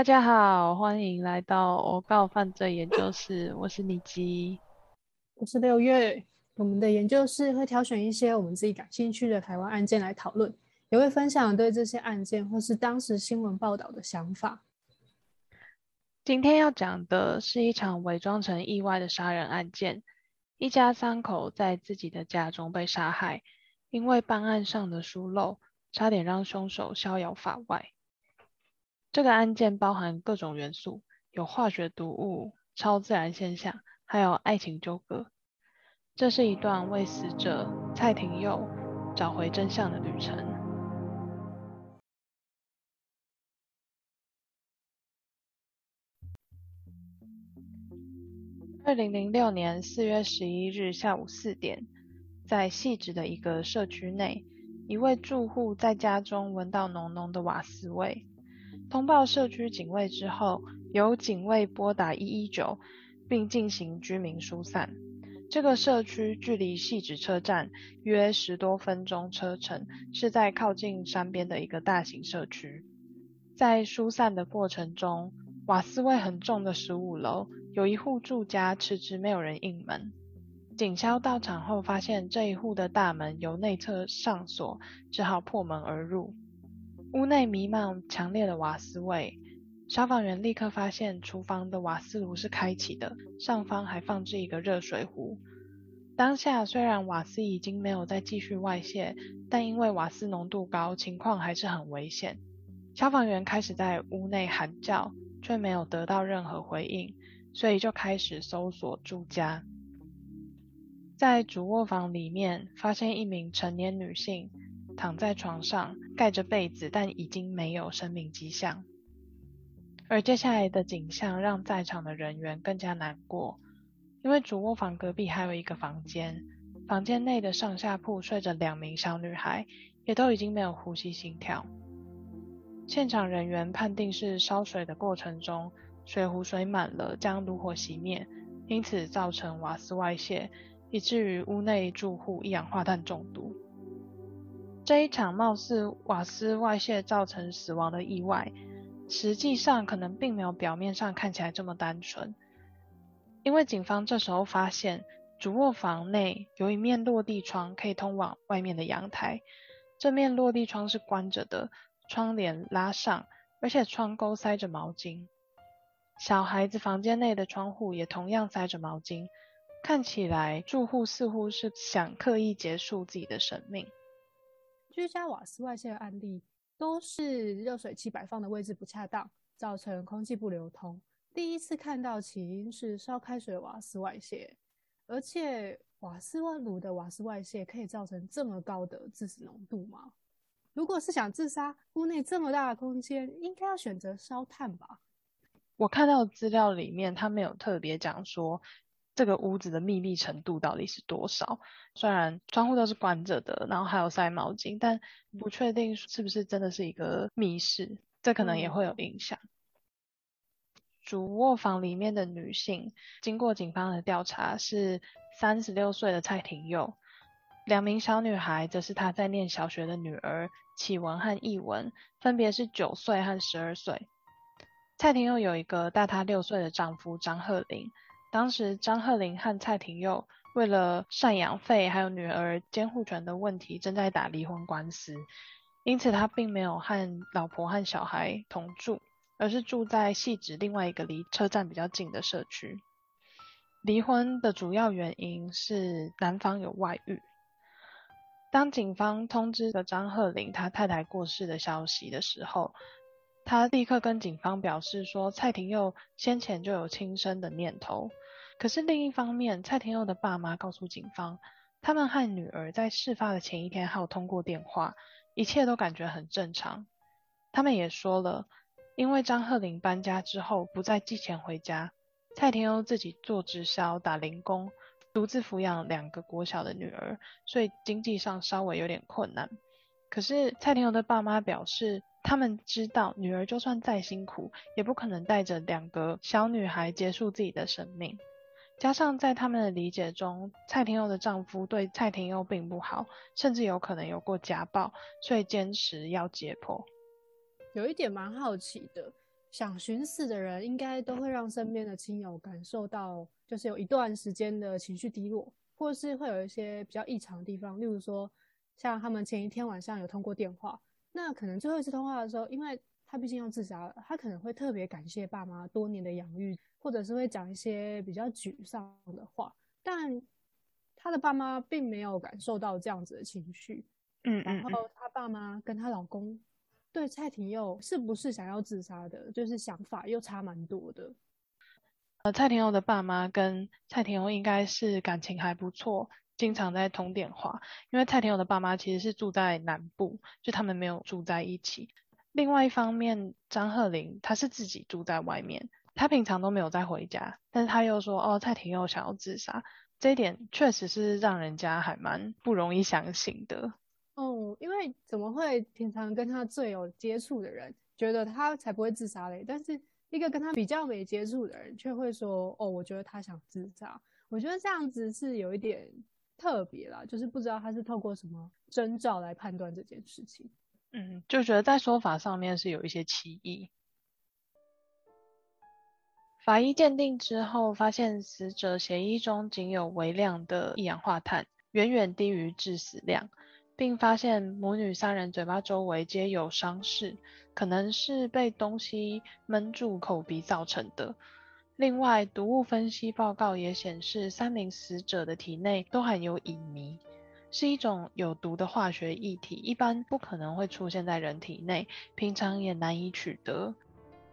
大家好，歡迎來到我豹犯罪研究室。我是李基，我是六月。我們的研究室會挑選一些我們自己感興趣的台灣案件來討論，也會分享對這些案件或是當時新聞報道的想法。今天要講的是一場偽裝成意外的殺人案件，一家三口在自己的家中被殺害，因為辦案上的疏漏，差點讓凶手逍遙法外。這個案件包含各種元素，有化學毒物、超自然現象，還有愛情糾葛。這是一段為死者蔡廷佑找回真相的旅程。二零零六年四月十一日下午四點，在汐止的一個社區內，一位住戶在家中聞到濃濃的瓦斯味。通報社區警衛之後，由警衛撥打119，並進行居民疏散。這個社區距離汐止車站約十多分鐘車程，是在靠近山邊的一個大型社區。在疏散的過程中，瓦斯味很重的十五樓有一戶住家，遲遲沒有人應門。警消到場後發現這一戶的大門由內側上鎖，只好破門而入。屋內瀰漫強烈的瓦斯味，消防員立刻發現廚房的瓦斯爐是開啟的，上方還放置一個熱水壺。當下雖然瓦斯已經沒有再繼續外洩，但因為瓦斯濃度高，情況還是很危險。消防員開始在屋內喊叫，卻沒有得到任何回應，所以就開始搜索住家。在主臥房裡面，發現一名成年女性，躺在床上，蓋着被子，但已經沒有生命跡象。而接下來的景象讓在場的人員更加難過，因為主臥房隔壁還有一個房間，房間內的上下鋪睡着兩名小女孩，也都已經沒有呼吸心跳。現場人員判定是燒水的過程中，水壺水滿了，將爐火熄滅，因此造成瓦斯外泄，以至於屋內住戶一氧化碳中毒。這一場貌似瓦斯外泄造成死亡的意外，實際上可能並沒有表面上看起來這麼單純。因為警方這時候發現，主臥房內有一面落地窗可以通往外面的陽台，這面落地窗是關着的，窗簾拉上，而且窗勾塞着毛巾。小孩子房間內的窗戶也同樣塞着毛巾，看起來住戶似乎是想刻意結束自己的生命。居家瓦斯外泄的案例都是熱水器擺放的位置不恰當，造成空氣不流通。第一次看到起因是燒開水的瓦斯外泄，而且瓦斯爐的瓦斯外泄可以造成這麼高的致死濃度嗎？如果是想自殺，屋內這麼大的空間，應該要選擇燒炭吧？我看到資料裡面，他沒有特別講說。這個屋子的密閉程度到底是多少？雖然窗戶都是關着的，然後還有塞毛巾，但不確定是不是真的是一個密室，這可能也會有影響。嗯。主臥房裡面的女性，經過警方的調查，是三十六歲的蔡廷佑。兩名小女孩則是她在念小學的女兒啟文和藝文，分別是九歲和十二歲。蔡廷佑有一個大她六歲的丈夫張鶴齡。當時張鶴林和蔡廷佑為了贍養費還有女兒監護權的問題正在打離婚官司，因此他並沒有和老婆和小孩同住，而是住在汐止另外一個離車站比較近的社區。離婚的主要原因是男方有外遇。當警方通知了張鶴林他太太過世的消息的時候，他立刻跟警方表示說，蔡廷佑先前就有輕生的念頭。可是另一方面，蔡廷佑的爸媽告訴警方，他們和女兒在事發的前一天還有通過電話，一切都感覺很正常。他們也說了，因為張鶴齡搬家之後不再寄錢回家，蔡廷佑自己做直銷、打零工，獨自撫養兩個國小的女兒，所以經濟上稍微有點困難。可是蔡廷佑的爸媽表示，他們知道女兒就算再辛苦，也不可能帶着兩個小女孩結束自己的生命。加上在他們的理解中，蔡廷佑的丈夫對蔡廷佑並不好，甚至有可能有過家暴，所以堅持要解剖。有一點蠻好奇的，想尋死的人應該都會讓身邊的親友感受到，就是有一段時間的情緒低落，或是會有一些比較異常的地方，例如說像他們前一天晚上有通過電話。那可能最後一次通話的時候，因為他畢竟要自殺了，他可能會特別感謝爸媽多年的養育，或者是會講一些比較沮喪的話。但他的爸媽並沒有感受到這樣子的情緒。嗯，嗯，嗯，然後他爸媽跟他老公對蔡廷佑是不是想要自殺的，就是想法又差蠻多的。呃，蔡廷佑的爸媽跟蔡廷佑應該是感情還不錯。經常在通電話，因為蔡天佑的爸媽其實是住在南部，就他們沒有住在一起。另外一方面，張鶴林他是自己住在外面，他平常都沒有再回家。但是他又說，哦，蔡天佑想要自殺，這一點確實是讓人家還蠻不容易相信的。哦，因為怎麼會平常跟他最有接觸的人，覺得他才不會自殺嘞？但是一個跟他比較沒接觸的人，卻會說，哦，我覺得他想自殺。我覺得這樣子是有一點。特別啦，就是不知道他是透過什麼徵兆來判斷這件事情，嗯，就覺得在說法上面是有一些歧義。法醫鑑定之後，發現死者血液中僅有微量的一氧化碳，遠遠低於致死量，並發現母女三人嘴巴周圍皆有傷勢，可能是被東西悶住口鼻造成的。另外，毒物分析報告也顯示，三名死者的體內都含有乙醚，是一種有毒的化學液體，一般不可能會出現在人體內，平常也難以取得。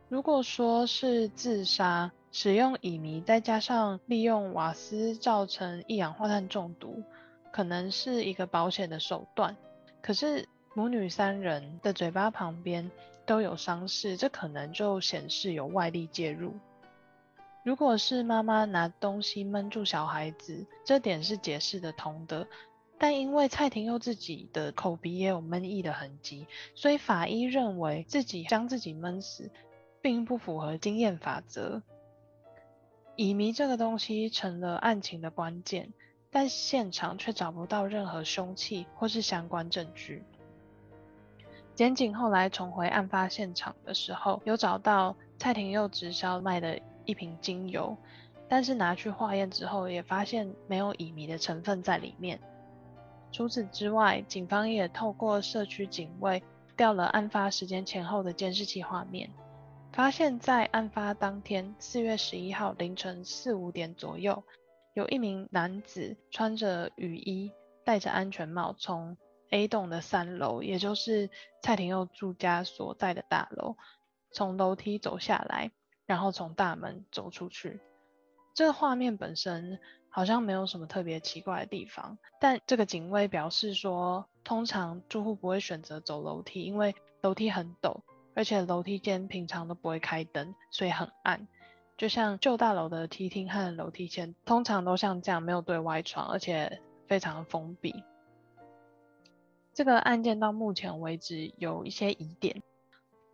如果說是自殺，使用乙醚再加上利用瓦斯造成一氧化碳中毒，可能是一個保險的手段。可是，母女三人的嘴巴旁邊都有傷勢，這可能就顯示有外力介入。如果是媽媽拿東西悶住小孩子，這點是解釋得通的。但因為蔡廷佑自己的口鼻也有悶意的痕跡，所以法醫認為自己將自己悶死，並不符合經驗法則。乙醚這個東西成了案情的關鍵，但現場卻找不到任何兇器或是相關證據。檢警後來重回案發現場的時候，有找到蔡廷佑直銷賣的。一瓶精油，但是拿去化驗之後，也發現沒有乙醚的成分在裡面。除此之外，警方也透過社區警衛調了案發時間前後的監視器畫面，發現，在案發當天四月十一號凌晨四五點左右，有一名男子穿着雨衣、戴着安全帽，從 A 棟的三樓，也就是蔡廷佑住家所在的大樓，從樓梯走下來。然後從大門走出去，這個畫面本身好像沒有什麼特別奇怪的地方，但這個警衛表示說，通常住戶不會選擇走樓梯，因為樓梯很陡，而且樓梯間平常都不會開燈，所以很暗。就像舊大樓的梯廳和樓梯間，通常都像這樣沒有對外窗，而且非常封閉。這個案件到目前為止有一些疑點。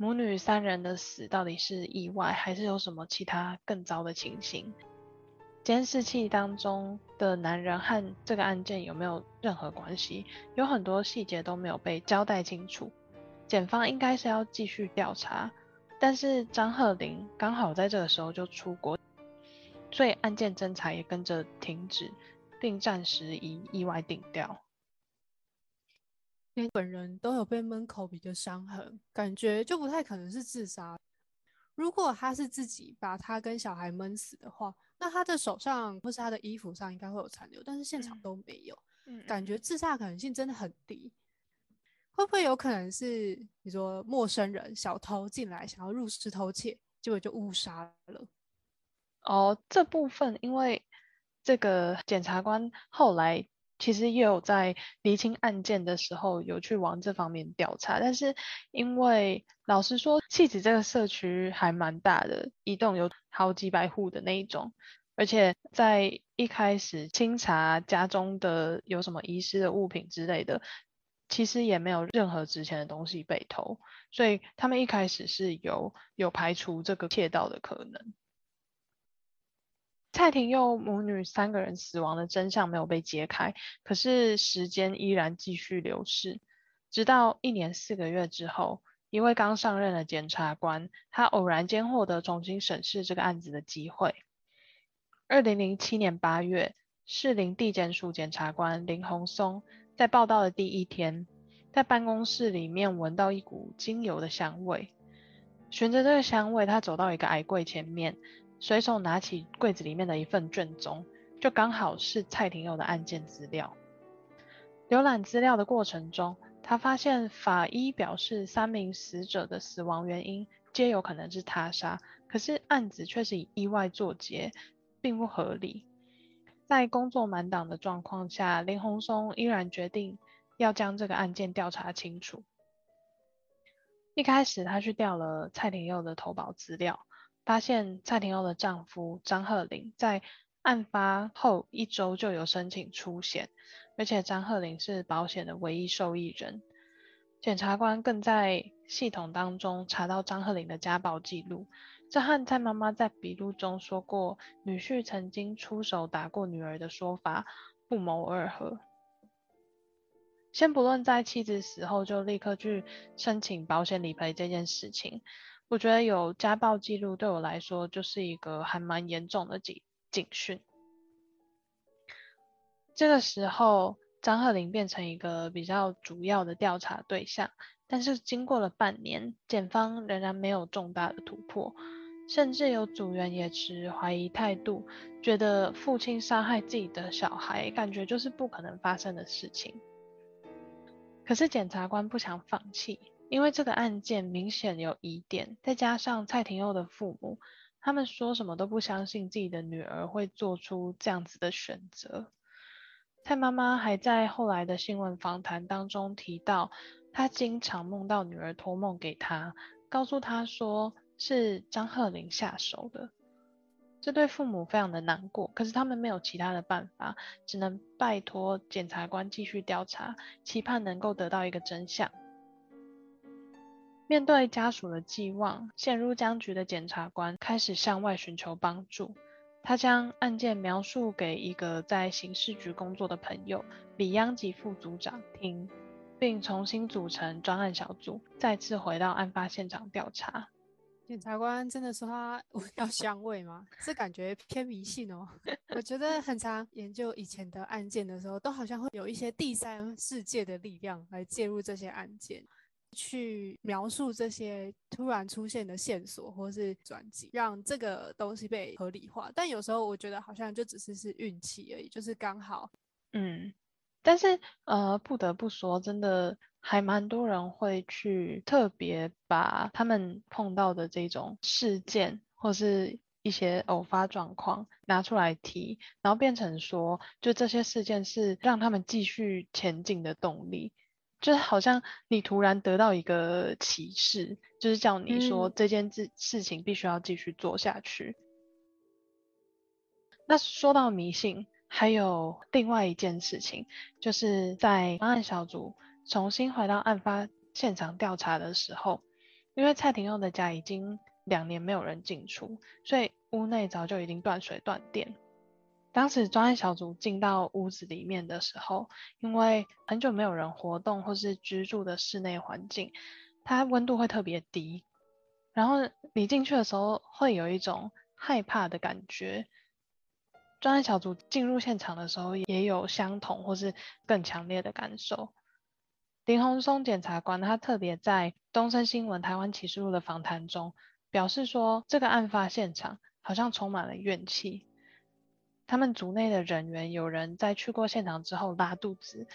母女三人的死到底是意外，還是有什麼其他更糟的情形？監視器當中的男人和這個案件有沒有任何關係？有很多細節都沒有被交代清楚。檢方應該是要繼續調查，但是張鶴林剛好在這個時候就出國，所以案件偵查也跟着停止，並暫時以意外定調。連本人都有被悶口鼻的傷痕，感覺就不太可能是自殺。如果他是自己把他跟小孩悶死的話，那他的手上或是他的衣服上應該會有殘留，但是現場都沒有，嗯、感覺自殺可能性真的很低。嗯、會不會有可能是你說陌生人、小偷進來想要入室偷竊，結果就誤殺了？哦，這部分因為這個檢察官後來。其實也有在釐清案件的時候有去往這方面調查，但是因為老實說，汐止這個社區還蠻大的，一棟有好幾百戶的那一種，而且在一開始清查家中的有什麼遺失的物品之類的，其實也沒有任何值錢的東西被偷，所以他們一開始是有有排除這個竊盜的可能。蔡廷佑母女三個人死亡的真相沒有被揭開，可是時間依然繼續流逝，直到一年四個月之後，一位剛上任的檢察官，他偶然間獲得重新審視這個案子的機會。二零零七年八月，士林地檢署檢察官林宏松在報到的第一天，在辦公室裡面聞到一股精油的香味，循着這個香味，他走到一個矮櫃前面。隨手拿起櫃子裡面的一份卷宗，就剛好是蔡廷佑的案件資料。瀏覽資料的過程中，他發現法醫表示三名死者的死亡原因皆有可能是他殺，可是案子卻是以意外作結，並不合理。在工作滿檔的狀況下，林鴻松依然決定要將這個案件調查清楚。一開始，他去調了蔡廷佑的投保資料。發現蔡廷歐的丈夫張鶴林在案發後一周就有申請出險，而且張鶴林是保險的唯一受益人。檢察官更在系統當中查到張鶴林的家暴記錄，這和蔡媽媽在筆錄中說過女婿曾經出手打過女兒的說法不謀而合。先不論在妻子死後就立刻去申請保險理賠這件事情。我覺得有家暴記錄對我來說就是一個還蠻嚴重的警警訊。這個時候，張鶴齡變成一個比較主要的調查對象，但是經過了半年，檢方仍然沒有重大的突破，甚至有組員也持懷疑態度，覺得父親殺害自己的小孩，感覺就是不可能發生的事情。可是檢察官不想放棄。因為這個案件明顯有疑點，再加上蔡廷佑的父母，他們說什麼都不相信自己的女兒會做出這樣子的選擇。蔡媽媽還在後來的新聞訪談當中提到，她經常夢到女兒托夢給她，告訴她說是張鶴林下手的。這對父母非常的難過，可是他們沒有其他的辦法，只能拜托檢察官繼續調查，期盼能夠得到一個真相。面對家屬的寄望，陷入僵局的檢察官開始向外尋求幫助。他將案件描述給一個在刑事局工作的朋友李央吉副組長聽，並重新組成專案小組，再次回到案發現場調查。檢察官真的說他聞到香味嗎？這 感覺偏迷信哦。 我覺得很常研究以前的案件的時候，都好像會有一些第三世界的力量來介入這些案件。去描述這些突然出現的線索或是轉機，讓這個東西被合理化。但有時候我覺得好像就只是是運氣而已，就是剛好。嗯，但是呃，不得不說，真的還蠻多人會去特別把他們碰到的這種事件或是一些偶發狀況拿出來提，然後變成說，就這些事件是讓他們繼續前進的動力。就是好像你突然得到一個啟示，就是叫你說這件事事情必須要繼續做下去。嗯。那說到迷信，還有另外一件事情，就是在辦案小組重新回到案發現場調查的時候，因為蔡廷佑的家已經兩年沒有人進出，所以屋內早就已經斷水斷電。當時專案小組進到屋子裡面的時候，因為很久沒有人活動或是居住的室內環境，它溫度會特別低。然後你進去的時候會有一種害怕的感覺。專案小組進入現場的時候也有相同或是更強烈的感受。林宏松檢察官他特別在東森新聞《台灣啟示錄》的訪談中表示說，這個案發現場好像充滿了怨氣。他們組內的人員，有人在去過現場之後拉肚子，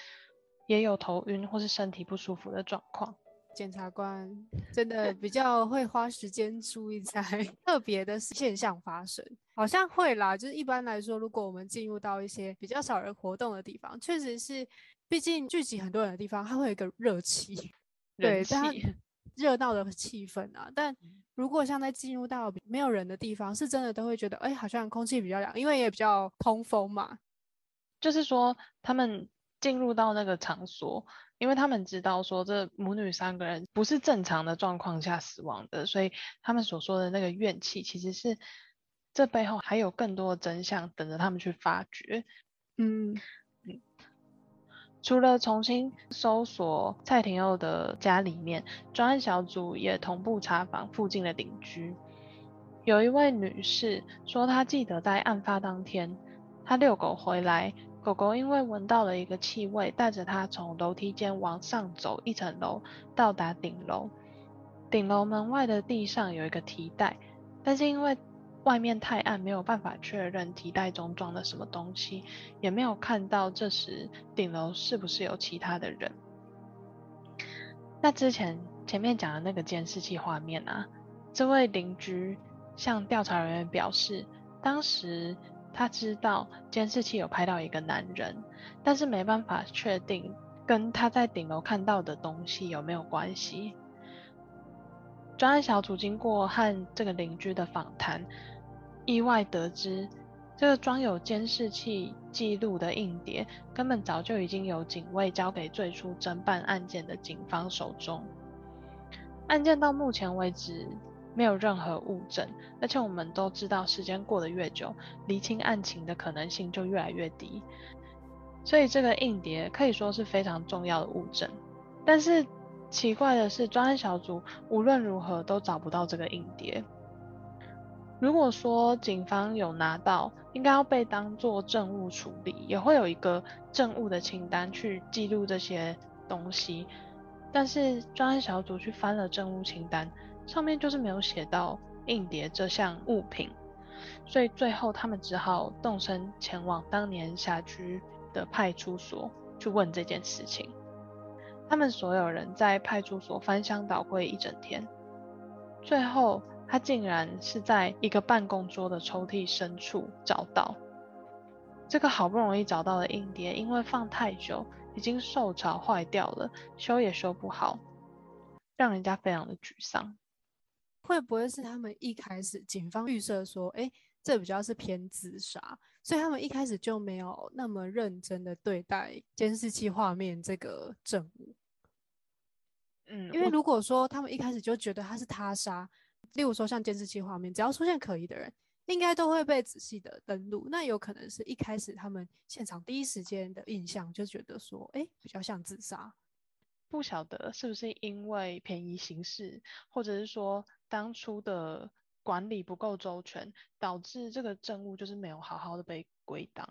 也有頭暈或是身體不舒服的狀況。檢察官真的比較會花時間注意在特別的現象發生，好像會啦。就是一般來說，如果我們進入到一些比較少人活動的地方，確實是，畢竟聚集很多人的地方，它會有一個熱氣，對，但。熱鬧的氣氛啊，但如果像在進入到沒有人的地方，是真的都會覺得，哎、欸，好像空氣比較涼，因為也比較通風嘛。就是說，他們進入到那個場所，因為他們知道說這母女三個人不是正常的狀況下死亡的，所以他們所說的那個怨氣，其實是這背後還有更多的真相等着他們去發掘。嗯，嗯。除了重新搜索蔡廷佑的家裡面，專案小組也同步查訪附近的鄰居。有一位女士說，她記得在案發當天，她遛狗回來，狗狗因為聞到了一個氣味，帶着她從樓梯間往上走一層樓，到達頂樓。頂樓門外的地上有一個提袋，但是因為外面太暗，沒有辦法確認提袋中裝了什麼東西，也沒有看到這時頂樓是不是有其他的人。那之前，前面講的那個監視器畫面啊，這位鄰居向調查人員表示，當時他知道監視器有拍到一個男人，但是沒辦法確定跟他在頂樓看到的東西有沒有關係。專案小組經過和這個鄰居的訪談。意外得知，這個裝有監視器記錄的硬碟，根本早就已經由警衛交給最初偵辦案件的警方手中。案件到目前為止沒有任何物證，而且我們都知道，時間過得越久，釐清案情的可能性就越來越低。所以這個硬碟可以說是非常重要的物證，但是奇怪的是，專案小組無論如何都找不到這個硬碟。如果說警方有拿到，應該要被當做證物處理，也會有一個證物的清單去記錄這些東西。但是專案小組去翻了證物清單，上面就是沒有寫到硬碟這項物品，所以最後他們只好動身前往當年轄區的派出所去問這件事情。他們所有人在派出所翻箱倒櫃一整天，最後，他竟然是在一個辦公桌的抽屜深處找到這個。好不容易找到的硬碟，因為放太久已經受潮壞掉了，修也修不好，讓人家非常的沮喪。會不會是他們一開始警方預設說，哎，這比較是偏自殺，所以他們一開始就沒有那麼認真的對待監視器畫面這個證物？嗯，因為如果說他們一開始就覺得他是他殺。例如說，像監視器畫面，只要出現可疑的人，應該都會被仔細的登錄。那有可能是一開始他們現場第一時間的印象，就覺得說，哎、欸，比較像自殺。不曉得是不是因為便宜行事，或者是說當初的管理不夠周全，導致這個證物就是沒有好好的被歸檔。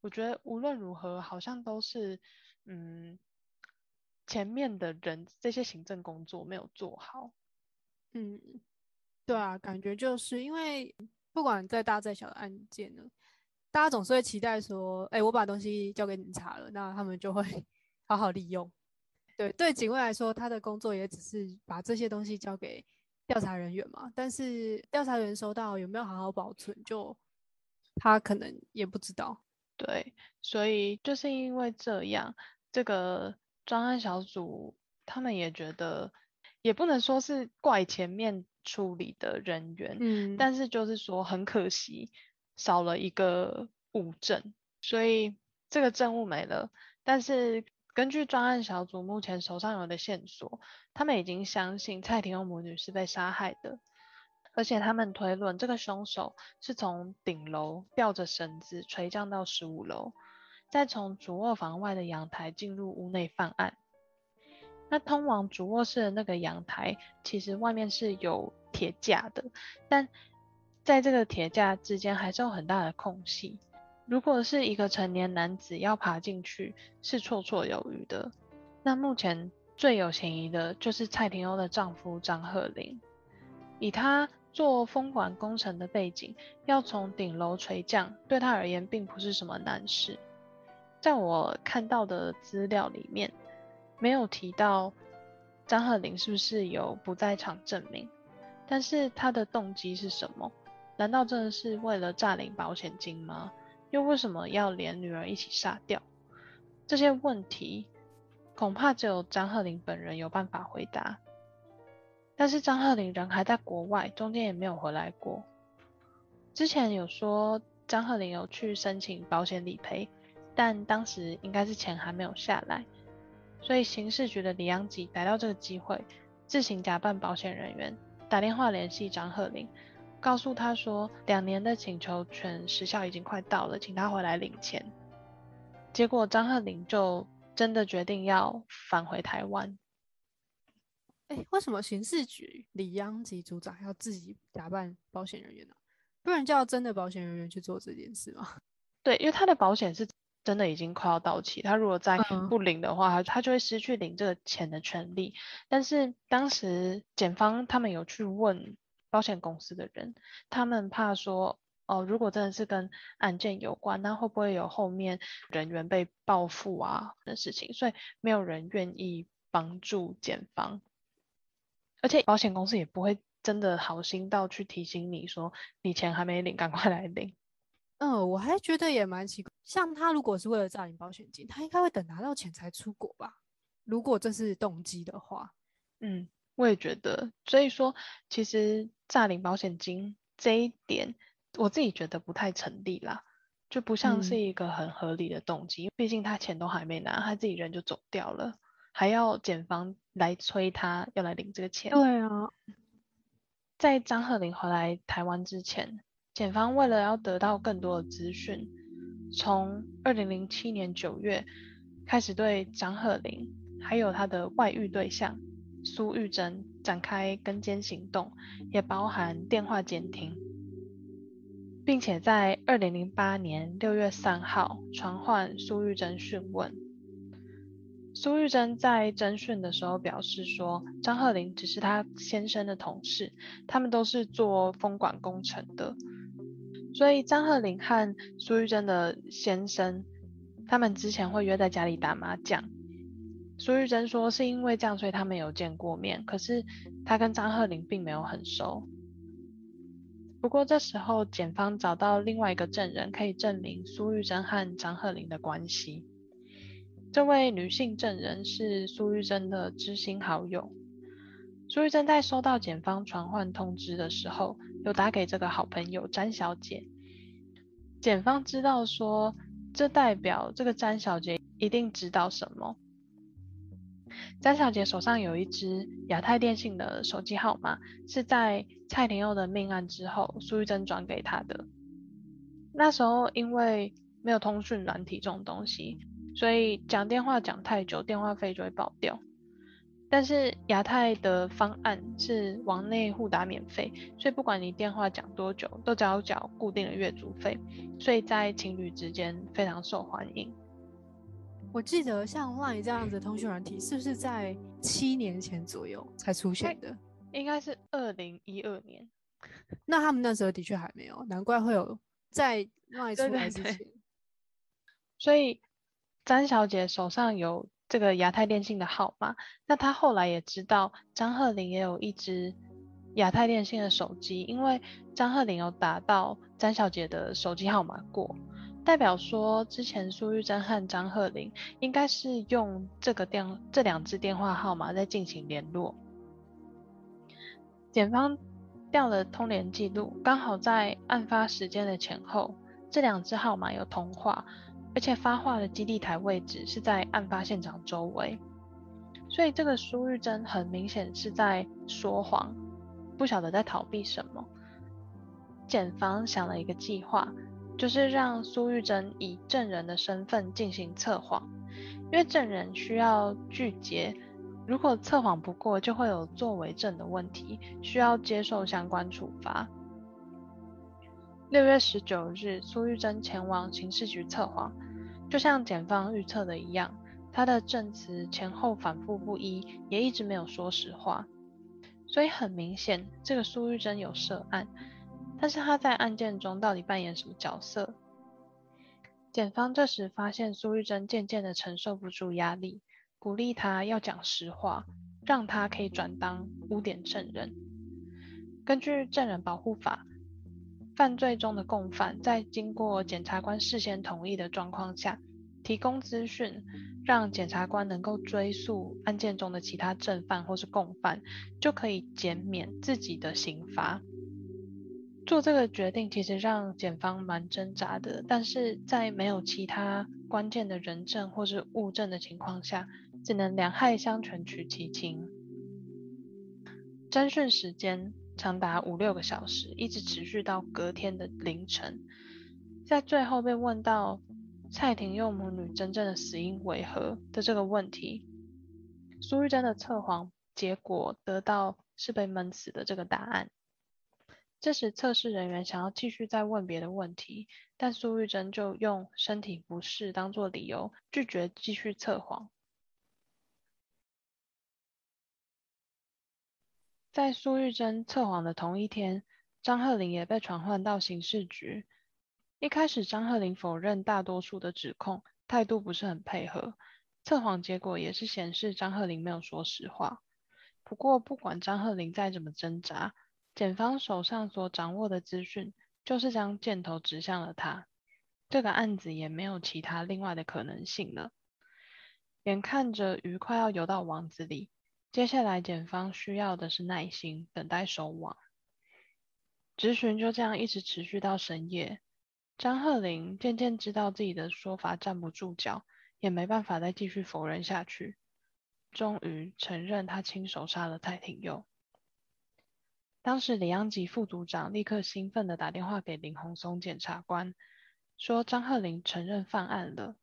我覺得無論如何，好像都是嗯，前面的人這些行政工作沒有做好。嗯。對啊，感覺就是因為不管再大再小的案件呢，大家總是會期待說，哎，我把東西交給警察了，那他們就會好好利用。對，對，警衛來說，他的工作也只是把這些東西交給調查人員嘛。但是調查員收到有沒有好好保存，就他可能也不知道。對，所以就是因為這樣，這個專案小組他們也覺得，也不能說是怪前面。處理的人員，嗯，但是就是說很可惜，少了一個物證，所以這個證物沒了。但是根據專案小組目前手上有的線索，他們已經相信蔡廷庸母女是被殺害的，而且他們推論這個凶手是從頂樓吊着繩子垂降到十五樓，再從主臥房外的陽台進入屋內犯案。那通往主臥室的那個陽台，其實外面是有鐵架的，但在這個鐵架之間還是有很大的空隙。如果是一個成年男子要爬進去，是綽綽有餘的。那目前最有嫌疑的就是蔡廷歐的丈夫張鶴齡，以他做風管工程的背景，要從頂樓垂降，對他而言並不是什麼難事。在我看到的資料裡面。沒有提到張鶴林是不是有不在場證明，但是他的動機是什麼？難道真的是為了詐領保險金嗎？又為什麼要連女兒一起殺掉？這些問題恐怕只有張鶴林本人有辦法回答。但是張鶴林人還在國外，中間也沒有回來過。之前有說張鶴林有去申請保險理賠，但當時應該是錢還沒有下來。所以，刑事局的李央吉逮到這個機會，自行假扮保險人員，打電話聯繫張鶴麟，告訴他說，兩年的請求權時效已經快到了，請他回來領錢。結果，張鶴麟就真的決定要返回台灣。哎，為什麼刑事局李央吉組長要自己假扮保險人員呢、啊？不然叫真的保險人員去做這件事嗎？對，因為他的保險是。真的已經快要到期，他如果再不領的話，他就會失去領這個錢的權利。但是當時檢方他們有去問保險公司的人，他們怕說，哦，如果真的是跟案件有關，那會不會有後面人員被報復啊的事情？所以沒有人願意幫助檢方，而且保險公司也不會真的好心到去提醒你說，你錢還沒領，趕快來領。嗯，我還覺得也蠻奇怪，像他如果是為了詐領保險金，他應該會等拿到錢才出國吧？如果這是動機的話，嗯，我也覺得。所以說，其實詐領保險金這一點，我自己覺得不太成立啦，就不像是一個很合理的動機，因為畢竟他錢都還沒拿，他自己人就走掉了，還要檢方來催他要來領這個錢。對啊，在張赫霖回來台灣之前。檢方為了要得到更多的資訊，從二零零七年九月開始對張鶴林還有他的外遇對象蘇玉珍展開跟監行動，也包含電話監聽，並且在二零零八年六月三號傳喚蘇玉珍訊問。蘇玉珍在偵訊的時候表示說，張鶴林只是她先生的同事，他們都是做風管工程的。所以張鶴林和蘇玉珍的先生，他們之前會約在家裡打麻將。蘇玉珍說是因為這樣，所以他們有見過面。可是他跟張鶴林並沒有很熟。不過這時候，檢方找到另外一個證人，可以證明蘇玉珍和張鶴林的關係。這位女性證人是蘇玉珍的知心好友。蘇玉珍在收到檢方傳喚通知的時候，有打給這個好朋友詹小姐。檢方知道說，這代表這個詹小姐一定知道什麼。詹小姐手上有一支亞太電信的手機號碼，是在蔡廷佑的命案之後，蘇玉珍轉給她的。那時候因為沒有通訊軟體這種東西，所以講電話講太久，電話費就會爆掉。但是亞太的方案是網內互打免費，所以不管你電話講多久，都只要繳固定的月租費，所以在情侶之間非常受歡迎。我記得像 Line 這樣子的通訊軟體，是不是在七年前左右才出現的？應該是二零一二年。那他們那時候的確還沒有，難怪會有在 Line 出來之前。對對對所以詹小姐手上有。這個亞太電信的號碼，那他後來也知道張鶴林也有一支亞太電信的手機，因為張鶴林有打到詹小姐的手機號碼過，代表說之前蘇玉珍和張鶴林應該是用這個電這兩支電話號碼在進行聯絡。檢方調了通聯記錄，剛好在案發時間的前後這兩支號碼有通話。而且發話的基地台位置是在案發現場周圍，所以這個蘇玉珍很明顯是在說謊，不曉得在逃避什麼。檢方想了一個計劃，就是讓蘇玉珍以證人的身份進行測謊，因為證人需要具結，如果測謊不過，就會有作偽證的問題，需要接受相關處罰。六月十九日，蘇玉珍前往刑事局測謊，就像檢方預測的一樣，她的證詞前後反覆不一，也一直沒有說實話。所以很明顯，這個蘇玉珍有涉案，但是她在案件中到底扮演什麼角色？檢方這時發現蘇玉珍漸漸地承受不住壓力，鼓勵她要講實話，讓她可以轉當污點證人。根據證人保護法。犯罪中的共犯，在經過檢察官事先同意的狀況下，提供資訊，讓檢察官能夠追訴案件中的其他正犯或是共犯，就可以減免自己的刑罰。做這個決定，其實讓檢方蠻掙扎的，但是在沒有其他關鍵的人證或是物證的情況下，只能兩害相權取其輕。偵訊時間。長達五六個小時，一直持續到隔天的凌晨。在最後被問到蔡廷佑母女真正的死因為何的這個問題，蘇玉珍的測謊結果得到是被悶死的這個答案。這時測試人員想要繼續再問別的問題，但蘇玉珍就用身體不適當作理由，拒絕繼續測謊。在蘇玉珍測謊的同一天，張鶴林也被傳喚到刑事局。一開始，張鶴林否認大多數的指控，態度不是很配合。測謊結果也是顯示張鶴林沒有說實話。不過，不管張鶴林再怎麼掙扎，檢方手上所掌握的資訊，就是將箭頭指向了他。這個案子也沒有其他另外的可能性了。眼看着魚快要游到網子裡。接下來，檢方需要的是耐心，等待收網。質詢就這樣一直持續到深夜。張鶴齡漸漸知道自己的說法站不住腳，也沒辦法再繼續否認下去，終於承認他親手殺了蔡廷佑。當時李央吉副組長立刻興奮地打電話給林宏松檢察官，說張鶴齡承認犯案了。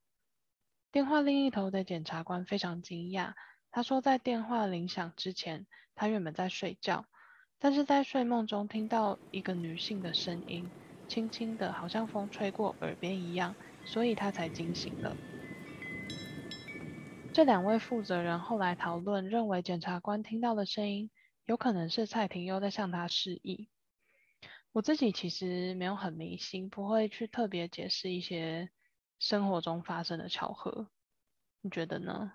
電話另一頭的檢察官非常驚訝。他說，在電話鈴響之前，他原本在睡覺，但是在睡夢中聽到一個女性的聲音，輕輕的，好像風吹過耳邊一樣，所以他才驚醒了。這兩位負責人後來討論，認為檢察官聽到的聲音，有可能是蔡廷優在向他示意。我自己其實沒有很迷信，不會去特別解釋一些生活中發生的巧合，你覺得呢？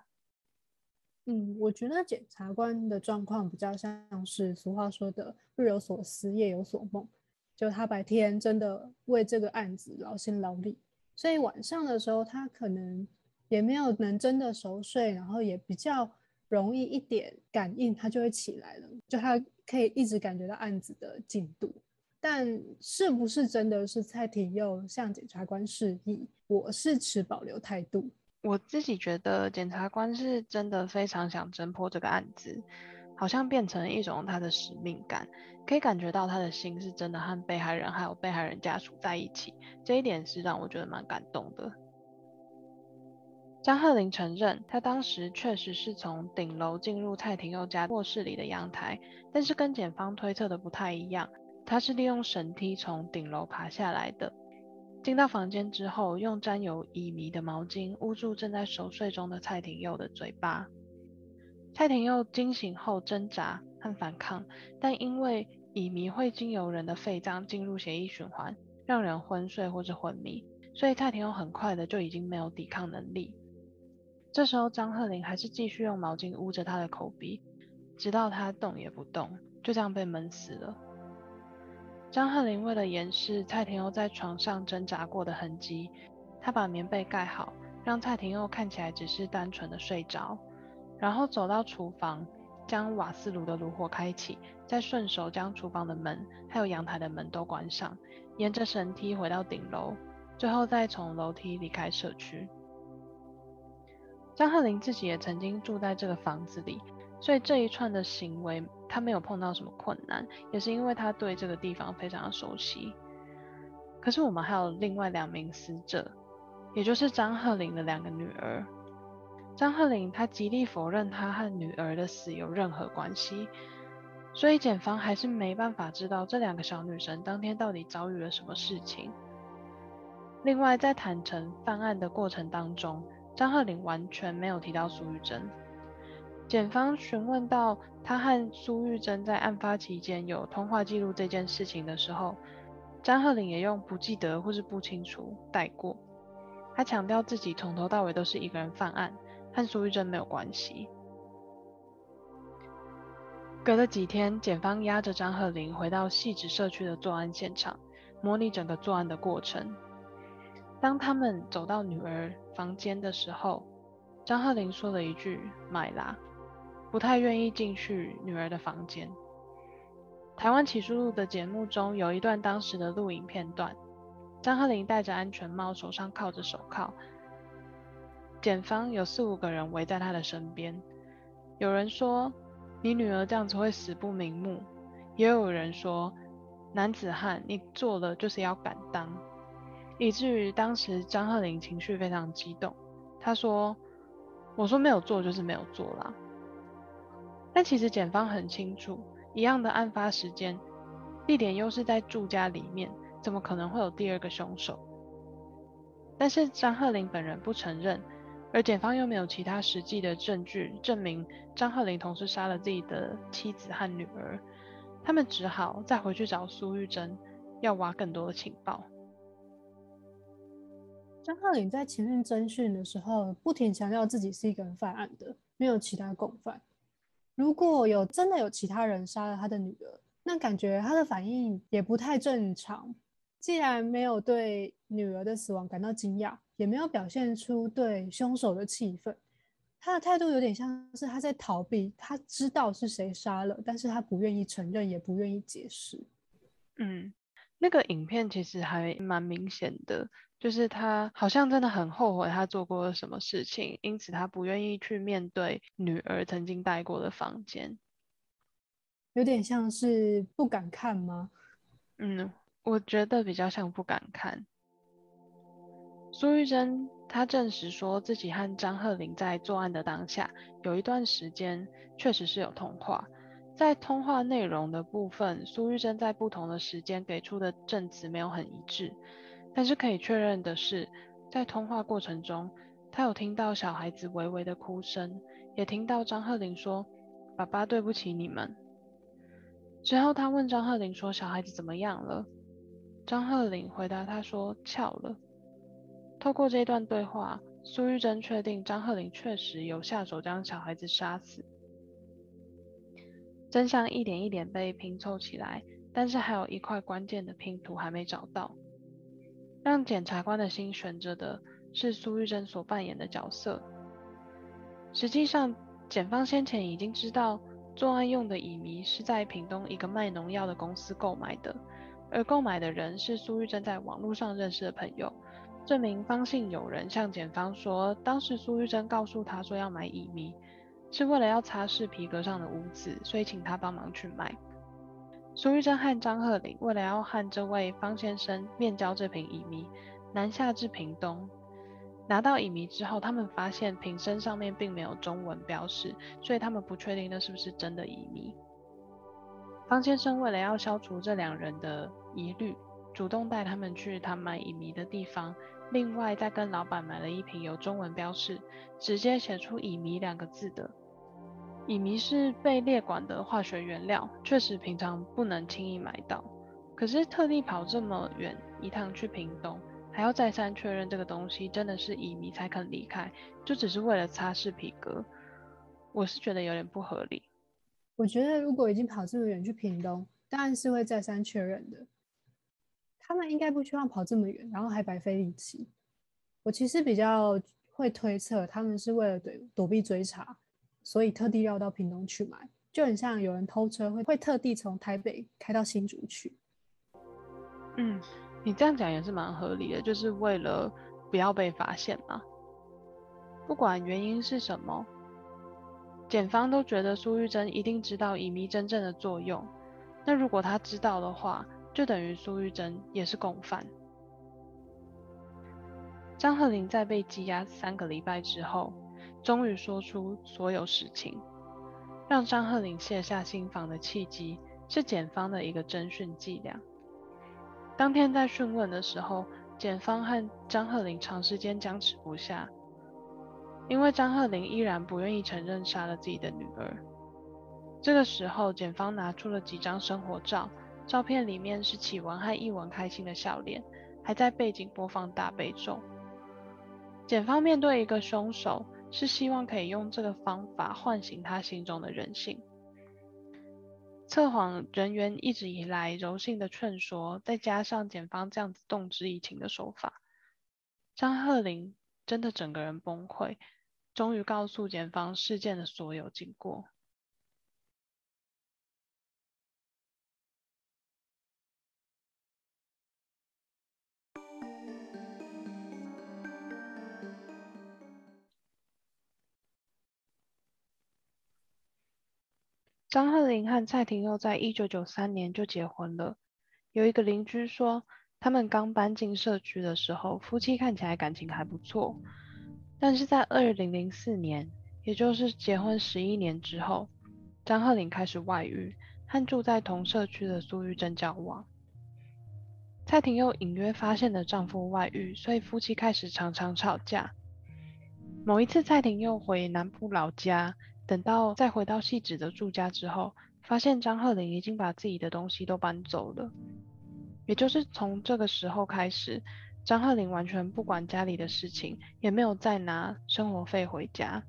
嗯，我覺得檢察官的狀況比較像是俗話說的“日有所思，夜有所夢”。就他白天真的為這個案子勞心勞力，所以晚上的時候他可能也沒有能真的熟睡，然後也比較容易一點感應，他就會起來了。就他可以一直感覺到案子的進度，但是不是真的是蔡廷佑向檢察官示意，我是持保留態度。我自己覺得檢察官是真的非常想偵破這個案子，好像變成一種他的使命感，可以感覺到他的心是真的和被害人還有被害人家屬在一起，這一點是讓我覺得蠻感動的。張鶴林承認，他當時確實是從頂樓進入蔡廷佑家臥室裡的陽台，但是跟檢方推測的不太一樣，他是利用繩梯從頂樓爬下來的。進到房間之後，用沾有乙醚的毛巾捂住正在熟睡中的蔡廷佑的嘴巴。蔡廷佑驚醒後掙扎和反抗，但因為乙醚會經由人的肺臟進入血液循環，讓人昏睡或者昏迷，所以蔡廷佑很快的就已經沒有抵抗能力。這時候張鶴林還是繼續用毛巾捂着他的口鼻，直到他動也不動，就這樣被悶死了。張鶴林為了掩飾蔡廷佑在床上掙扎過的痕跡，他把棉被蓋好，讓蔡廷佑看起來只是單純的睡着，然後走到廚房，將瓦斯爐的爐火開啟，再順手將廚房的門還有陽台的門都關上，沿着繩梯回到頂樓，最後再從樓梯離開社區。張翰林自己也曾經住在這個房子裡。所以這一串的行為，他沒有碰到什麼困難，也是因為他對這個地方非常的熟悉。可是我們還有另外兩名死者，也就是張鶴齡的兩個女兒。張鶴齡他極力否認他和女兒的死有任何關係，所以檢方還是沒辦法知道這兩個小女生當天到底遭遇了什麼事情。另外在坦承犯案的過程當中，張鶴齡完全沒有提到蘇玉珍。檢方詢問到他和蘇玉珍在案發期間有通話記錄這件事情的時候，張鶴林也用不記得或是不清楚帶過。他強調自己從頭到尾都是一個人犯案，和蘇玉珍沒有關係。隔了幾天，檢方押着張鶴林回到汐止社區的作案現場，模擬整個作案的過程。當他們走到女兒房間的時候，張鶴林說了一句：“買啦！”不太願意進去女兒的房間。台灣啟示錄的節目中有一段當時的錄影片段，張鶴齡戴着安全帽，手上銬着手銬，檢方有四五個人圍在他的身邊。有人說：“你女兒這樣子會死不瞑目。”也有人說：“男子漢，你做了就是要敢當。”以至於當時張鶴齡情緒非常激動，他說：“我說沒有做就是沒有做了。”但其實檢方很清楚，一樣的案發時間、地點又是在住家裡面，怎麼可能會有第二個凶手？但是張鶴齡本人不承認，而檢方又沒有其他實際的證據證明張鶴齡同時殺了自己的妻子和女兒，他們只好再回去找蘇玉珍，要挖更多的情報。張鶴齡在前面偵訊的時候，不停強調自己是一個人犯案的，沒有其他共犯。如果有真的有其他人殺了他的女兒，那感覺他的反應也不太正常。既然沒有對女兒的死亡感到驚訝，也沒有表現出對兇手的氣憤，他的態度有點像是他在逃避。他知道是誰殺了，但是他不願意承認，也不願意解釋。嗯。那個影片其實還蠻明顯的，就是他好像真的很後悔他做過了什麼事情，因此他不願意去面對女兒曾經待過的房間，有點像是不敢看嗎？嗯，我覺得比較像不敢看。蘇玉珍她證實說自己和張鶴林在作案的當下，有一段時間確實是有通話。在通話內容的部分，蘇玉珍在不同的時間給出的證詞沒有很一致，但是可以確認的是，在通話過程中，她有聽到小孩子微微的哭聲，也聽到張鶴林說：“爸爸對不起你們。”之後，她問張鶴林說：“小孩子怎麼樣了？”張鶴林回答他說：“翹了。”透過這一段對話，蘇玉珍確定張鶴林確實有下手將小孩子殺死。真相一點一點被拼湊起來，但是還有一塊關鍵的拼圖還沒找到。讓檢察官的心懸着的，是蘇玉珍所扮演的角色。實際上，檢方先前已經知道，作案用的乙醚是在屏東一個賣農藥的公司購買的，而購買的人是蘇玉珍在網絡上認識的朋友。這名方姓友人向檢方說，當時蘇玉珍告訴他說要買乙醚。是為了要擦拭皮革上的污漬，所以請他幫忙去買。蘇玉珍和張鶴齡為了要和這位方先生面交這瓶乙醚，南下至屏東。拿到乙醚之後，他們發現瓶身上面並沒有中文標示，所以他們不確定那是不是真的乙醚。方先生為了要消除這兩人的疑慮，主動帶他們去他買乙醚的地方，另外再跟老板買了一瓶有中文標示，直接寫出乙醚兩個字的。乙醚是被列管的化學原料，確實平常不能輕易買到。可是特地跑這麼遠一趟去屏東，還要再三確認這個東西真的是乙醚才肯離開，就只是為了擦拭皮革。我是覺得有點不合理。我覺得如果已經跑這麼遠去屏東，當然是會再三確認的。他們應該不希望跑這麼遠，然後還白費力氣。我其實比較會推測，他們是為了躲躲避追查。所以特地繞到屏東去買，就很像有人偷車會會特地從台北開到新竹去。嗯，你這樣講也是蠻合理的，就是為了不要被發現嘛。不管原因是什麼，檢方都覺得蘇玉珍一定知道乙醚真正的作用。那如果他知道的話，就等於蘇玉珍也是共犯。張鶴林在被羈押三個禮拜之後。終於說出所有實情，讓張鶴林卸下心防的契機是檢方的一個偵訊伎倆。當天在訊問的時候，檢方和張鶴林長時間僵持不下，因為張鶴林依然不願意承認殺了自己的女兒。這個時候，檢方拿出了幾張生活照，照片裡面是啟文和藝文開心的笑臉，還在背景播放大悲咒。檢方面對一個兇手。是希望可以用這個方法喚醒他心中的人性，測謊人員一直以來柔性的勸說，再加上檢方這樣子動之以情的手法，張鶴林真的整個人崩潰，終於告訴檢方事件的所有經過。張鶴林和蔡廷佑在一九九三年就結婚了。有一個鄰居說，他們剛搬進社區的時候，夫妻看起來感情還不錯。但是在二零零四年，也就是結婚十一年之後，張鶴林開始外遇，和住在同社區的蘇玉珍交往。蔡廷佑隱約發現了丈夫外遇，所以夫妻開始常常吵架。某一次，蔡廷佑回南部老家。等到再回到汐止的住家之後，發現張鶴齡已經把自己的東西都搬走了。也就是從這個時候開始，張鶴齡完全不管家裡的事情，也沒有再拿生活費回家。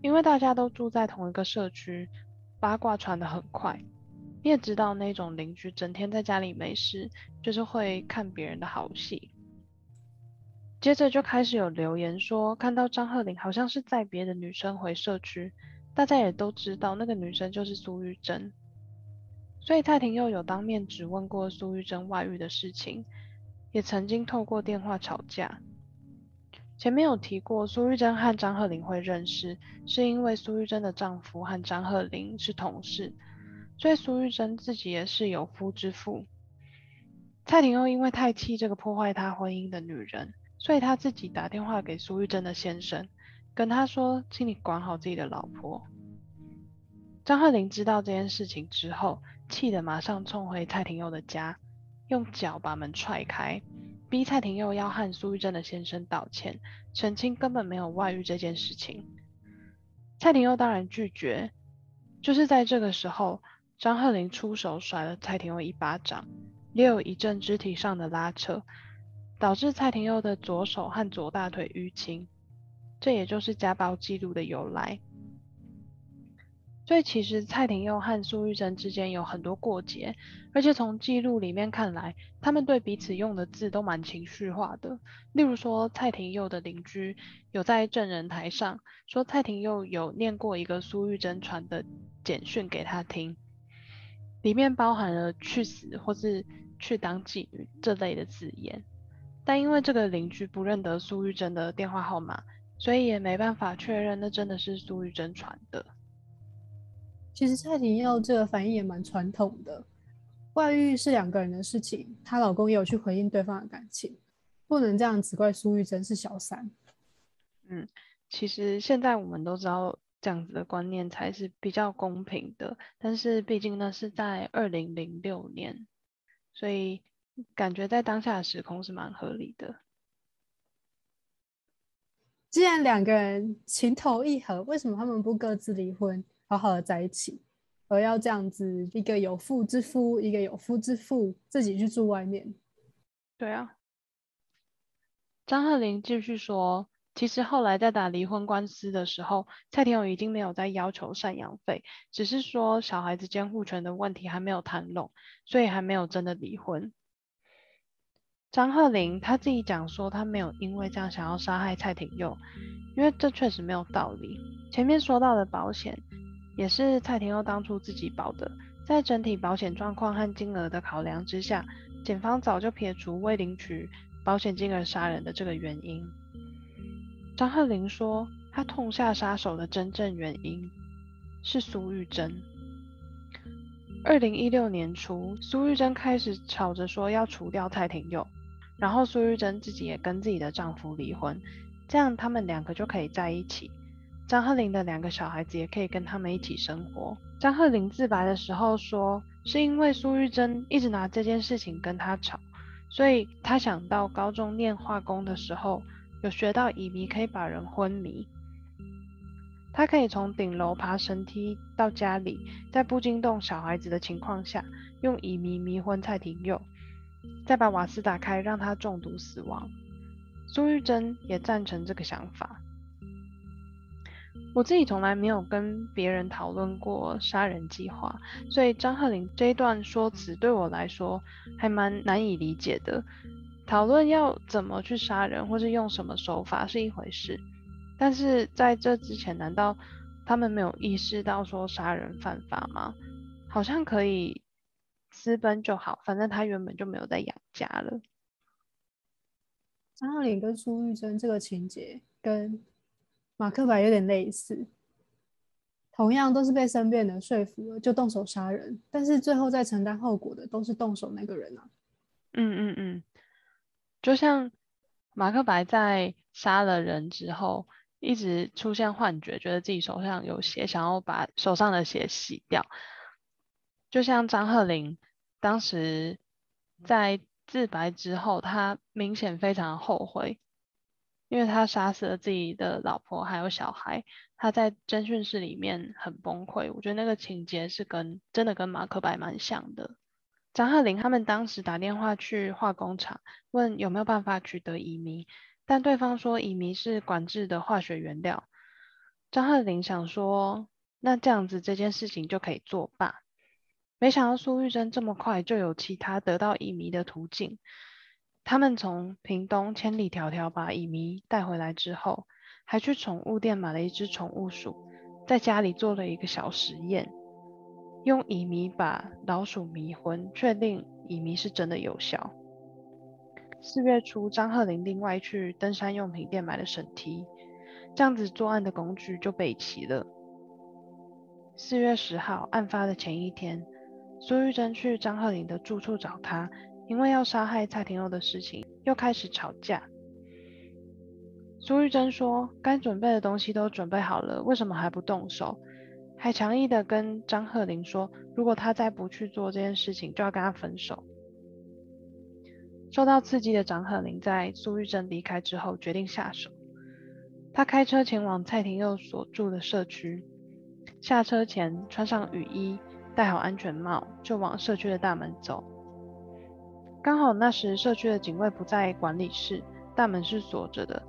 因為大家都住在同一個社區，八卦傳得很快。你也知道那種鄰居整天在家裡沒事，就是會看別人的好戲。接着就開始有留言說，看到張鶴林好像是載別的女生回社區，大家也都知道那個女生就是蘇玉珍，所以蔡廷佑有當面質問過蘇玉珍外遇的事情，也曾經透過電話吵架。前面有提過，蘇玉珍和張鶴林會認識，是因為蘇玉珍的丈夫和張鶴林是同事，所以蘇玉珍自己也是有夫之婦。蔡廷佑因為太氣這個破壞他婚姻的女人。所以他自己打電話給蘇玉珍的先生，跟他說，請你管好自己的老婆。張鶴林知道這件事情之後，氣得馬上衝回蔡廷佑的家，用腳把門踹開，逼蔡廷佑要和蘇玉珍的先生道歉，澄清根本沒有外遇這件事情。蔡廷佑當然拒絕。就是在這個時候，張鶴林出手甩了蔡廷佑一巴掌，也有一陣肢體上的拉扯。導致蔡廷佑的左手和左大腿淤青，這也就是家暴記錄的由來。所以其實蔡廷佑和蘇玉珍之間有很多過節，而且從記錄裡面看來，他們對彼此用的字都蠻情緒化的。例如說，蔡廷佑的鄰居有在證人台上說，蔡廷佑有念過一個蘇玉珍傳的簡訊給他聽，裡面包含了去死或是去當妓女這類的字眼。但因為這個鄰居不認得蘇玉珍的電話號碼，所以也沒辦法確認那真的是蘇玉珍傳的。其實蔡廷佑這個反應也蠻傳統的，外遇是兩個人的事情，她老公也有去回應對方的感情，不能這樣子怪蘇玉珍是小三。嗯，其實現在我們都知道這樣子的觀念才是比較公平的，但是畢竟呢是在二零零六年，所以。感覺在當下的時空是蠻合理的。既然兩個人情投意合，為什麼他們不各自離婚，好好的在一起，而要這樣子一個有婦之夫，一個有夫之婦自己去住外面？對啊。張鶴林繼續說，其實後來在打離婚官司的時候，蔡天永已經沒有再要求贍養費，只是說小孩子監護權的問題還沒有談攏，所以還沒有真的離婚。張鶴林他自己講說，他沒有因為這樣想要殺害蔡廷佑，因為這確實沒有道理。前面說到的保險也是蔡廷佑當初自己保的，在整體保險狀況和金額的考量之下，檢方早就撇除為領取保險金而殺人的這個原因。張鶴林說，他痛下殺手的真正原因是蘇玉珍。二零一六年初，蘇玉珍開始吵着說要除掉蔡廷佑。然後蘇玉珍自己也跟自己的丈夫離婚，這樣他們兩個就可以在一起，張鶴林的兩個小孩子也可以跟他們一起生活。張鶴林自白的時候說，是因為蘇玉珍一直拿這件事情跟他吵，所以他想到高中念化工的時候，有學到乙醚可以把人昏迷，他可以從頂樓爬繩梯到家裡，在不驚動小孩子的情況下，用乙醚迷昏蔡廷佑。再把瓦斯打開，讓他中毒死亡。蘇玉珍也贊成這個想法。我自己從來沒有跟別人討論過殺人計劃，所以張鶴林這一段說辭對我來說還蠻難以理解的。討論要怎麼去殺人，或是用什麼手法是一回事，但是在這之前，難道他們沒有意識到說殺人犯法嗎？好像可以。私奔就好，反正他原本就沒有在養家了。張浩林跟蘇玉珍這個情節跟馬克白有點類似，同樣都是被身邊的人說服了就動手殺人，但是最後在承擔後果的都是動手那個人啊。嗯嗯嗯，就像馬克白在殺了人之後，一直出現幻覺，覺得自己手上有血，想要把手上的血洗掉。就像張鶴林當時在自白之後，他明顯非常後悔，因為他殺死了自己的老婆還有小孩。他在偵訊室裡面很崩潰，我覺得那個情節是跟真的跟馬克白蠻像的。張鶴林他們當時打電話去化工廠問有沒有辦法取得乙醚，但對方說乙醚是管制的化學原料。張鶴林想說，那這樣子這件事情就可以作罷。沒想到蘇玉珍這麼快就有其他得到乙醚的途徑。他們從屏東千里迢迢把乙醚帶回來之後，還去寵物店買了一只寵物鼠，在家裡做了一個小實驗，用乙醚把老鼠迷魂，確定乙醚是真的有效。四月初，張鶴林另外去登山用品店買了繩梯，這樣子作案的工具就備齊了。四月十號，案發的前一天。蘇玉珍去張鶴林的住處找他，因為要殺害蔡廷佑的事情，又開始吵架。蘇玉珍說：“該準備的東西都準備好了，為什麼還不動手？”還強硬的跟張鶴林說：“如果他再不去做這件事情，就要跟他分手。”受到刺激的張鶴林在蘇玉珍離開之後，決定下手。他開車前往蔡廷佑所住的社區，下車前穿上雨衣。戴好安全帽，就往社區的大門走。剛好那時社區的警衛不在管理室，大門是鎖着的，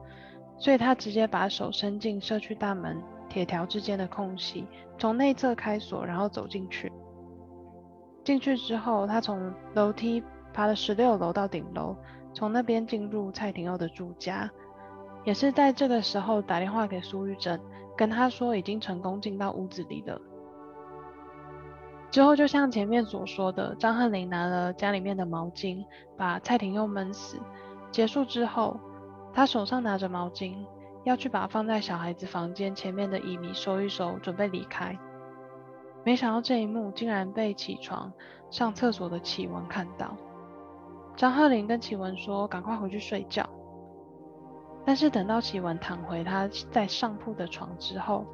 所以他直接把手伸進社區大門鐵條之間的空隙，從內側開鎖，然後走進去。進去之後，他從樓梯爬了十六樓到頂樓，從那邊進入蔡廷佑的住家。也是在這個時候打電話給蘇玉珍，跟她說已經成功進到屋子裡了。之後就像前面所說的，張翰林拿了家裡面的毛巾，把蔡廷佑悶死。結束之後，他手上拿着毛巾，要去把放在小孩子房間前面的乙醚收一收，準備離開。沒想到這一幕竟然被起床上廁所的奇文看到。張翰林跟奇文說：“趕快回去睡覺。”但是等到奇文躺回他在上鋪的床之後，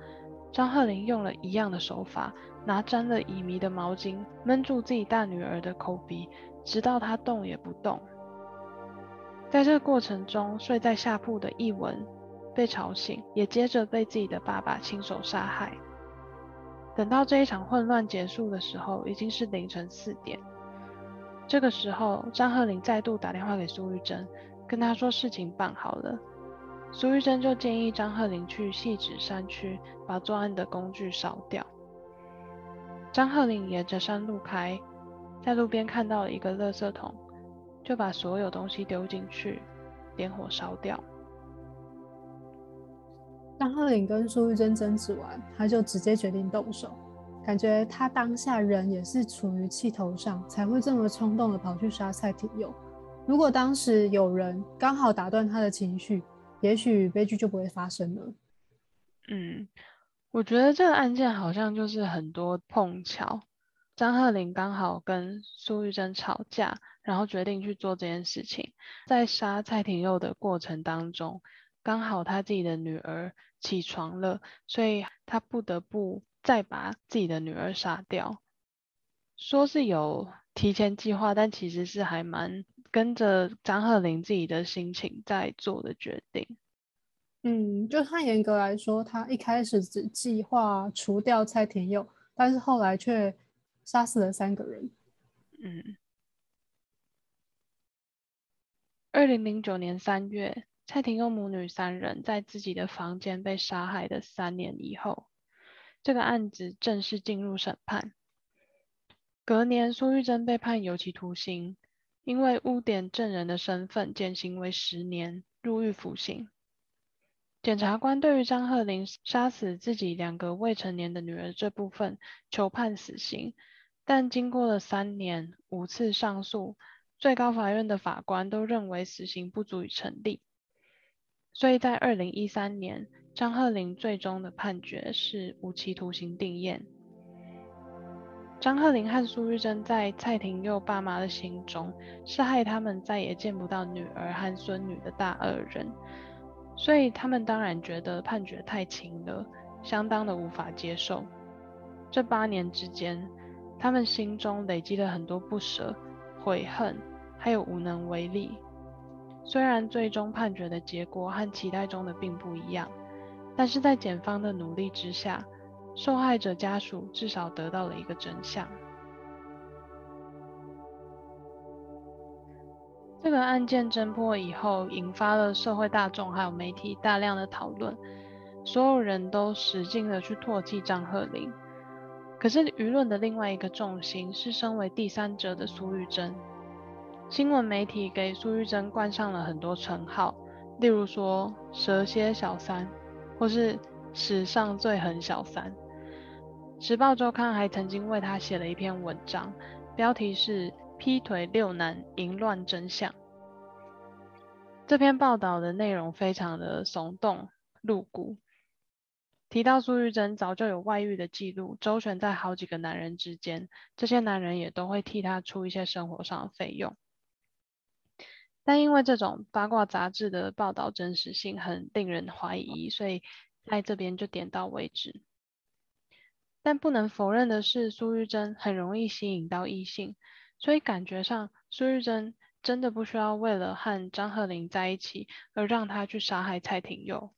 張鶴齡用了一樣的手法，拿沾了乙醚的毛巾悶住自己大女兒的口鼻，直到她動也不動。在這個過程中，睡在下鋪的易文被吵醒，也接着被自己的爸爸親手殺害。等到這一場混亂結束的時候，已經是凌晨四點。這個時候，張鶴霖再度打電話給蘇玉珍，跟她說事情辦好了。蘇玉珍就建議張鶴齡去汐止山區把作案的工具燒掉。張鶴齡沿着山路開，在路邊看到了一個垃圾桶，就把所有東西丟進去，點火燒掉。張鶴齡跟蘇玉珍爭執完，他就直接決定動手，感覺他當下人也是處於氣頭上，才會這麼衝動的跑去殺蔡廷佑。如果當時有人剛好打斷他的情緒，也許悲劇就不會發生了。嗯，我覺得這個案件好像就是很多碰巧。張鶴林剛好跟蘇玉珍吵架，然後決定去做這件事情。在殺蔡廷佑的過程當中，剛好他自己的女兒起床了，所以他不得不再把自己的女兒殺掉。說是有提前計劃，但其實是還蠻。跟着張鶴林自己的心情在做的決定。嗯，就他嚴格來說，他一開始只計劃除掉蔡廷佑，但是後來卻殺死了三個人。嗯。二零零九年三月，蔡廷佑母女三人在自己的房間被殺害的三年以後，這個案子正式進入審判。隔年，蘇玉珍被判有期徒刑。因為污點證人的身份，減刑為十年入獄服刑。檢察官對於張鶴齡殺死自己兩個未成年的女兒這部分，求判死刑。但經過了三年五次上訴，最高法院的法官都認為死刑不足以成立。所以在二零一三年，張鶴齡最終的判決是無期徒刑定讞。張鶴林和蘇玉珍在蔡廷佑爸媽的心中是害他們再也見不到女兒和孫女的大惡人，所以他們當然覺得判決太輕了，相當的無法接受。這八年之間，他們心中累積了很多不捨、悔恨，還有無能為力。雖然最終判決的結果和期待中的並不一樣，但是在檢方的努力之下，受害者家屬至少得到了一個真相。這個案件偵破以後，引發了社會大眾還有媒體大量的討論，所有人都使勁的去唾棄張鶴齡。可是輿論的另外一個重心是身為第三者的蘇玉珍。新聞媒體給蘇玉珍冠上了很多稱號，例如說“蛇蠍小三”或是“史上最狠小三”。《時報週刊》還曾經為他寫了一篇文章，標題是《劈腿六男淫亂真相》。這篇報道的內容非常的聳動、露骨，提到蘇玉珍早就有外遇的記錄，周旋在好幾個男人之間，這些男人也都會替她出一些生活上的費用。但因為這種八卦雜誌的報道真實性很令人懷疑，所以在這邊就點到為止。但不能否認的是，蘇玉珍很容易吸引到異性，所以感覺上蘇玉珍真的不需要為了和張鶴琳在一起而讓他去殺害蔡廷佑。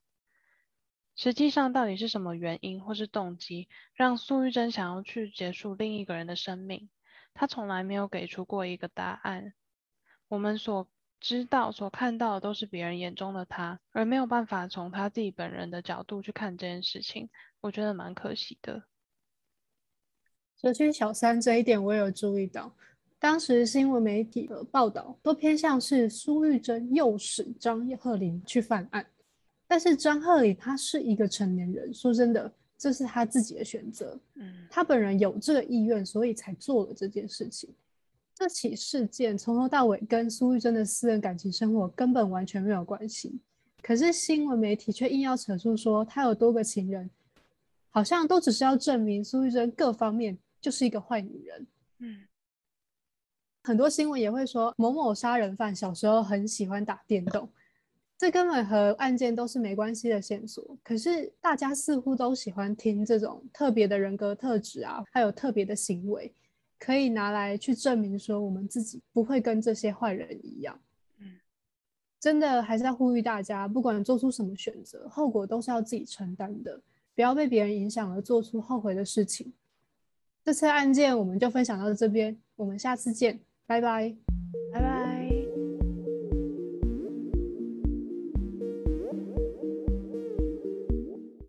實際上，到底是什麼原因或是動機，讓蘇玉珍想要去結束另一個人的生命？他從來沒有給出過一個答案。我們所知道、所看到的都是別人眼中的他，而沒有辦法從他自己本人的角度去看這件事情。我覺得蠻可惜的。社區小三這一點我也有注意到，當時新聞媒體的報道都偏向是蘇玉珍誘使張鶴林去犯案，但是張鶴林他是一個成年人，說真的，這是他自己的選擇，他本人有這個意願，所以才做了這件事情。這、嗯、起事件從頭到尾跟蘇玉珍的私人感情生活根本完全沒有關係，可是新聞媒體卻硬要扯出說他有多個情人，好像都只是要證明蘇玉珍各方面，就是一個壞女人，嗯，很多新聞也會說某某殺人犯小時候很喜歡打電動，這根本和案件都是沒關係的線索。可是大家似乎都喜歡聽這種特別的人格特質啊，還有特別的行為，可以拿來去證明說我們自己不會跟這些壞人一樣。嗯，真的還是要呼籲大家，不管做出什麼選擇，後果都是要自己承擔的，不要被別人影響而做出後悔的事情。這次案件我們就分享到這邊，我們下次見，拜拜。